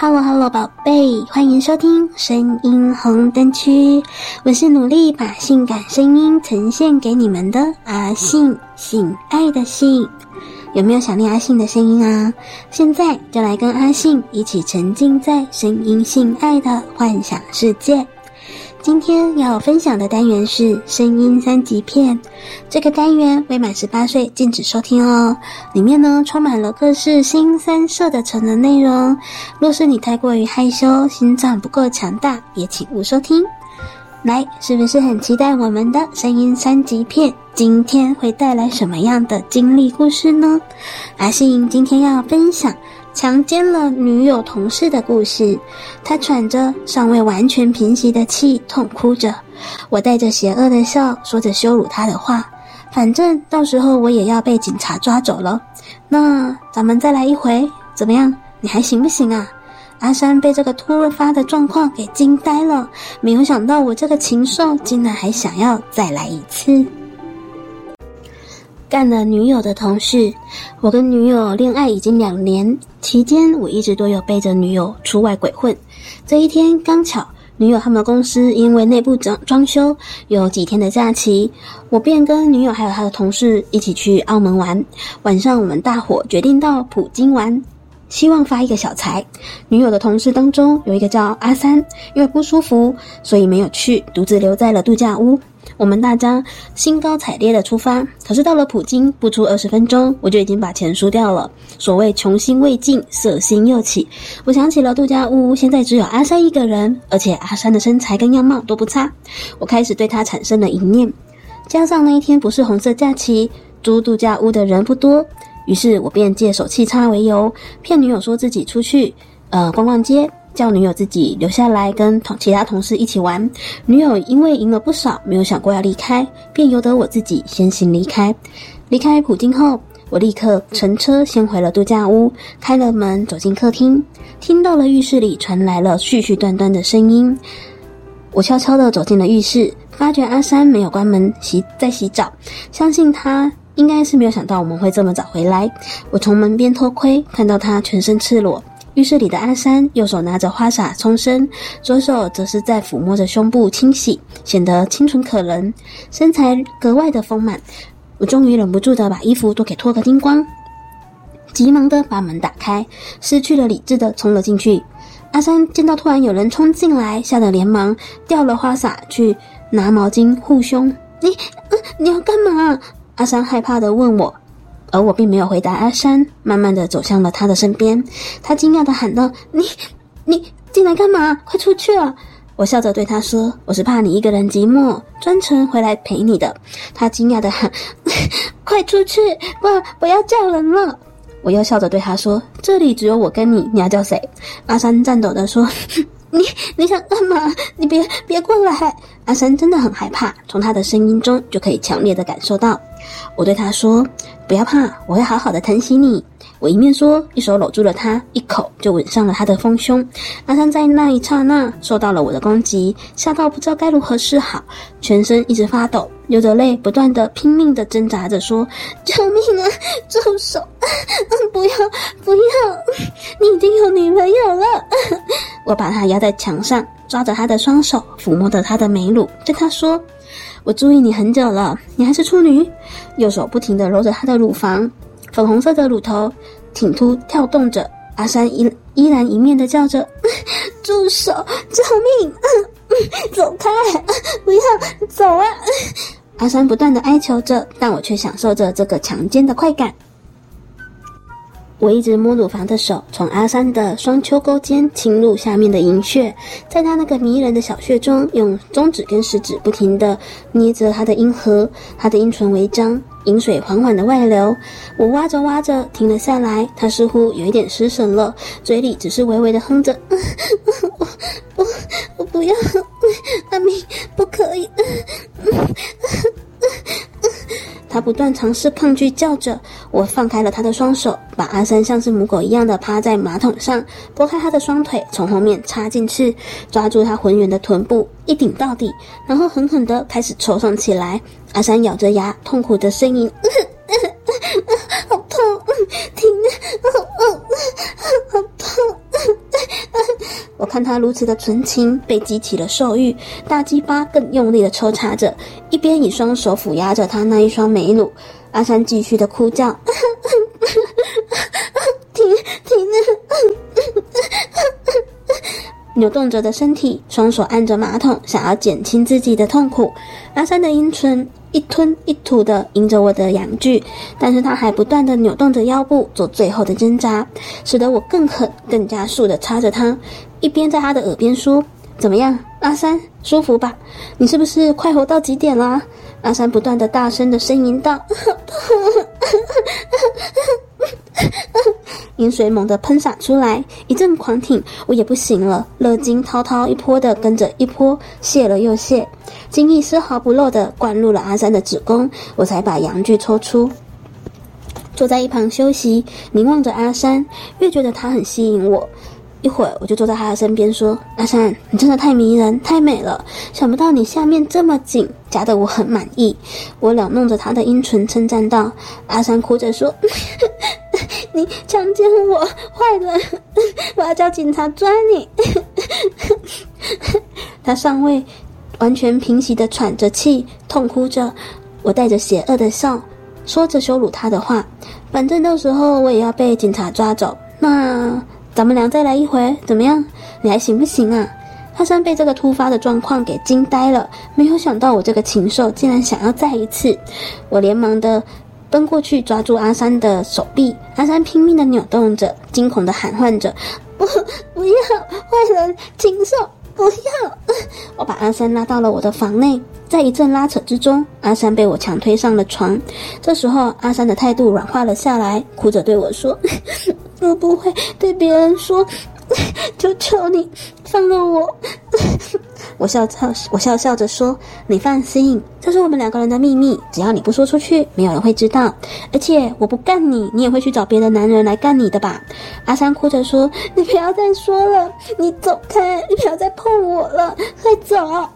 哈嘍哈嘍，寶貝，歡迎收聽聲音紅燈區，我是努力把性感聲音呈現給你們的阿性，性愛的性，有沒有想念阿性的聲音啊？現在就來跟阿性一起沉浸在聲音性愛的幻想世界。今天要分享的單元是聲音三級片，這個單元未滿十八歲禁止收聽哦。裡面呢充滿了各式新三色的成人內容，若是你太過於害羞，心臟不夠強大，也請勿收聽。來，是不是很期待我們的聲音三級片今天會帶來什麼樣的經歷故事呢？阿性今天要分享強姦了女友同事的故事，她喘着尚未完全平息的氣，痛哭着。我帶着邪惡的笑，說着羞辱她的話。反正到時候我也要被警察抓走了，那咱們再來一回，怎麼樣？你還行不行啊？阿山被這個突發的狀況給驚呆了，沒有想到我這個禽獸竟然還想要再來一次。幹了女友的同事，我跟女友戀愛已經兩年，期間我一直都有背着女友出外鬼混。這一天剛巧，女友他們的公司因為內部裝裝修，有幾天的假期，我便跟女友還有她的同事一起去澳門玩。晚上我們大夥決定到葡京玩，希望發一個小財。女友的同事當中有一個叫阿三，因為不舒服，所以沒有去，獨自留在了度假屋。我們大家興高采烈的出發，可是到了普京，不出二十分鐘，我就已經把錢輸掉了。所謂窮心未盡，色心又起，我想起了度假屋，現在只有阿山一個人，而且阿山的身材跟樣貌都不差，我開始對他產生了淫念。加上那一天不是紅色假期，租度假屋的人不多，於是我便借手氣差為由，騙女友說自己出去，呃，逛逛街。叫女友自己留下來跟同其他同事一起玩，女友因為贏了不少，沒有想過要離開，便由得我自己先行離開。離開普京後，我立刻乘車先回了度假屋，開了門走進客廳，聽到了浴室裡傳來了絮絮斷斷的聲音。我悄悄地走進了浴室，發覺阿三沒有關門，洗在洗澡。相信他應該是沒有想到我們會這麼早回來。我從門邊偷窺，看到他全身赤裸。浴室裡的阿三右手拿着花灑沖身，左手則是在撫摸着胸部清洗，顯得清純可人，身材格外的豐滿。我終於忍不住的把衣服都給脫個精光，急忙的把門打開，失去了理智的沖了進去。阿三見到突然有人衝進來，嚇得連忙掉了花灑去拿毛巾護胸。你，嗯、呃，你要幹嘛？阿三害怕的問我。而我並沒有回答阿山，慢慢的走向了他的身邊。他驚訝的喊道：“你，你進來幹嘛？快出去啊！”我笑着對他說：“我是怕你一個人寂寞，專程回來陪你的。”他驚訝的喊：“快出去！不，不要叫人了！”我又笑着對他說：“這裡只有我跟你，你要叫誰？”阿山顫抖的說：“你，你想幹嘛？你別，別過來！”阿山真的很害怕，從他的聲音中就可以強烈的感受到。我對他說：“不要怕，我會好好的疼惜你。”我一面說，一手摟住了他，一口就吻上了他的豐胸。阿三在那一剎那受到了我的攻擊，嚇到不知道該如何是好，全身一直發抖，流着淚，不斷的拼命的掙扎着說：“救命啊！住手！不要，不要！你已經有女朋友了。 ”我把他壓在牆上，抓着他的雙手，撫摸着他的美乳，對他說。我注意你很久了，你還是處女。右手不停地揉着她的乳房，粉紅色的乳頭挺凸跳動着。阿山依依然一面的叫着：“住手！救命！走開！不要走啊！”阿山不斷的哀求着，但我卻享受着這個強奸的快感。我一直摸乳房的手，從阿三的雙丘溝間侵入下面的陰穴，在他那個迷人的小穴中，用中指跟食指不停的捏着他的陰核，他的陰唇微張，淫水緩緩的外流。我挖着挖着停了下來，他似乎有一點失神了，嘴裡只是微微的哼着， 我我我不要，阿明不可以。 他不斷嘗試抗拒，叫着。我放開了他的雙手，把阿三像是母狗一樣的趴在馬桶上，撥開他的雙腿，從後面插進去，抓住他渾圓的臀部，一頂到底，然後狠狠地開始抽上起來。阿三咬着牙，痛苦地呻吟，好痛，停，嗯嗯。看他如此的純情，被激起了獸慾，大雞巴更用力的抽插着，一邊以雙手撫壓着他那一雙美乳。阿三繼續的哭叫，停 停！停 扭動着的身體，雙手按着馬桶，想要減輕自己的痛苦。阿三的陰唇一吞一吐的迎着我的陽具，但是他還不斷的扭動着腰部做最後的掙扎，使得我更狠、更加速的插着他。一邊在他的耳邊說：“怎麼樣，阿三，舒服吧？你是不是快活到極點了？”阿三不斷的大聲的呻吟道，淫 水猛地噴灑出來，一陣狂挺，我也不行了，熱精滔滔一潑的跟着一潑泄了又泄，精液絲毫不漏的灌入了阿三的子宮，我才把陽具抽出，坐在一旁休息，凝望着阿三，越覺得他很吸引我。一會兒我就坐在他的身邊，說：“阿山，你真的太迷人，太美了。想不到你下面這麼緊，夾得我很滿意。”我撩弄着他的陰唇，稱讚道：“阿山，哭着說， 你強姦我，壞人，我要叫警察抓你。 ”他尚未完全平息地喘着氣，痛哭着。我帶着邪惡的笑，說着羞辱他的話。反正到時候我也要被警察抓走。那，咱們倆再來一回，怎麼樣？你還行不行啊？阿三被這個突發的狀況給驚呆了，沒有想到我這個禽獸竟然想要再一次。我連忙的奔過去抓住阿三的手臂，阿三拼命的扭動着，驚恐的喊喚着：“不，不要，壞人，禽獸，不要！”我把阿三拉到了我的房內，在一陣拉扯之中，阿三被我強推上了床。這時候，阿三的態度軟化了下來，哭着對我說。 我不會對別人說，求求你，放了我！ 我笑笑，我笑笑着說，你放心，這是我們兩個人的秘密，只要你不說出去，沒有人會知道。而且我不干你，你也會去找別的男人來幹你的吧？阿三哭着說，你不要再說了，你走開，你不要再碰我了，快走！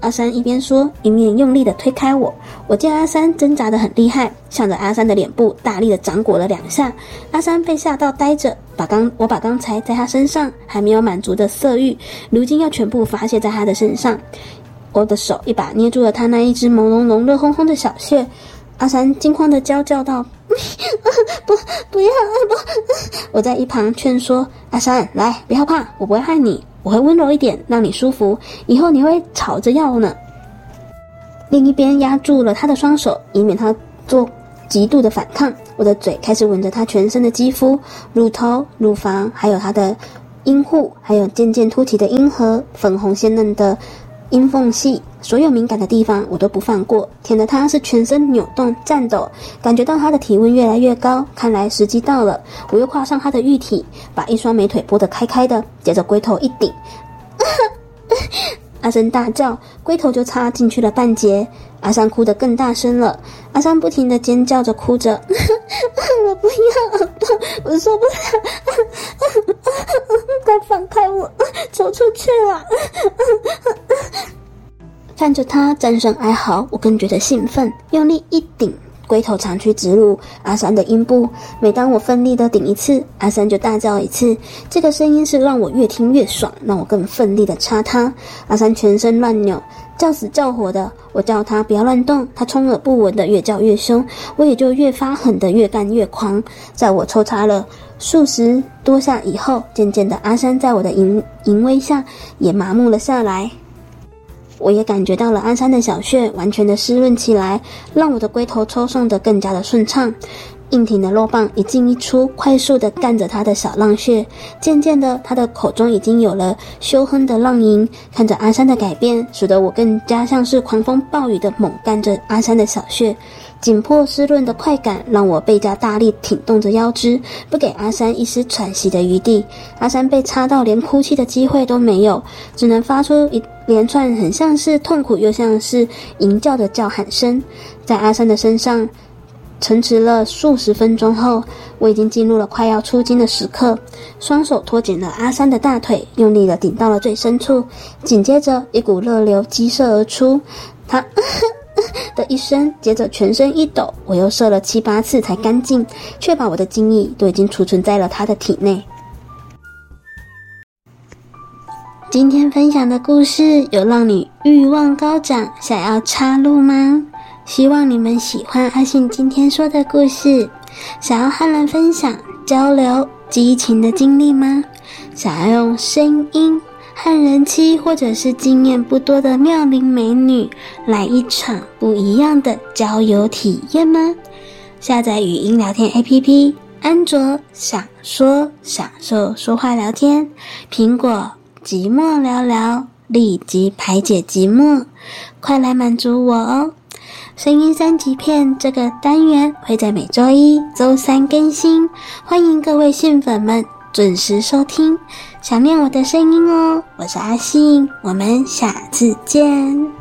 阿三一邊說，一面用力的推開我。我見阿三掙扎得很厲害，向着阿三的臉部大力的掌摑了兩下。阿三被嚇到呆着，把剛我把剛才在他身上還沒有滿足的色欲，如今要全部發泄在他的身上。我的手一把捏住了他那一隻毛茸茸、熱烘烘的小穴。阿三驚慌的嬌叫道：“ 不，不要，不！” 我在一旁勸說：“阿三，來，別害怕，我不會害你。”我會溫柔一點，讓你舒服。以後你會吵着要呢。另一邊壓住了她的雙手，以免她做極度的反抗。我的嘴開始吻着她全身的肌膚、乳頭、乳房，還有她的陰戶，還有漸漸凸起的陰核，粉紅鮮嫩的。陰縫隙，所有敏感的地方我都不放過，舔得他是全身扭動顫抖，感覺到他的體溫越來越高，看來時機到了，我又跨上他的玉體，把一雙美腿撥得開開的，接着龜頭一頂， 阿三大叫，龜頭就插進去了半截，阿三哭得更大聲了，阿三不停地尖叫着哭着， 我不要，我受不了，快放開我，走出去了！看着他顫聲哀嚎，我更覺得興奮，用力一頂，龜頭長驅直入阿三的陰部。每當我奮力的頂一次，阿三就大叫一次，這個聲音是讓我越聽越爽，讓我更奮力的插他。阿三全身亂扭，叫死叫活的。我叫他不要亂動，他充耳不聞的越叫越凶，我也就越發狠的越幹越狂。在我抽插了數十多下以後，漸漸的阿三在我的淫淫威下也麻木了下來。我也感覺到了阿山的小穴完全的濕潤起來，讓我的龜頭抽送得更加的順暢。硬挺的肉棒一進一出，快速的幹着他的小浪穴。漸漸的，他的口中已經有了羞哼的浪吟。看着阿山的改變，使得我更加像是狂風暴雨的猛幹着阿山的小穴。緊迫濕潤的快感讓我倍加大力挺動着腰肢，不給阿三一絲喘息的餘地。阿三被插到連哭泣的機會都沒有，只能發出一連串很像是痛苦又像是吟叫的叫喊聲。在阿三的身上沉遲了數十分鐘後，我已經進入了快要出精的時刻，雙手托緊了阿三的大腿，用力的頂到了最深處。緊接着，一股熱流激射而出，他。 的一聲，接着全身一抖，我又射了七八次才乾淨，確保我的精液都已經儲存在了他的體內。今天分享的故事有讓你欲望高漲，想要插入嗎？希望你們喜歡阿性今天說的故事，想要和人分享交流激情的經歷嗎？想要用聲音？和人妻或者是經驗不多的妙齡美女，來一場不一樣的交友體驗嗎？下載語音聊天 APP，安卓享說享受說話聊天，蘋果寂寞聊聊，立即排解寂寞，快來滿足我哦！聲音三級片這個單元會在每周一、周三更新，歡迎各位性粉們。準時收聽，想念我的聲音哦！我是阿性，我們下次見。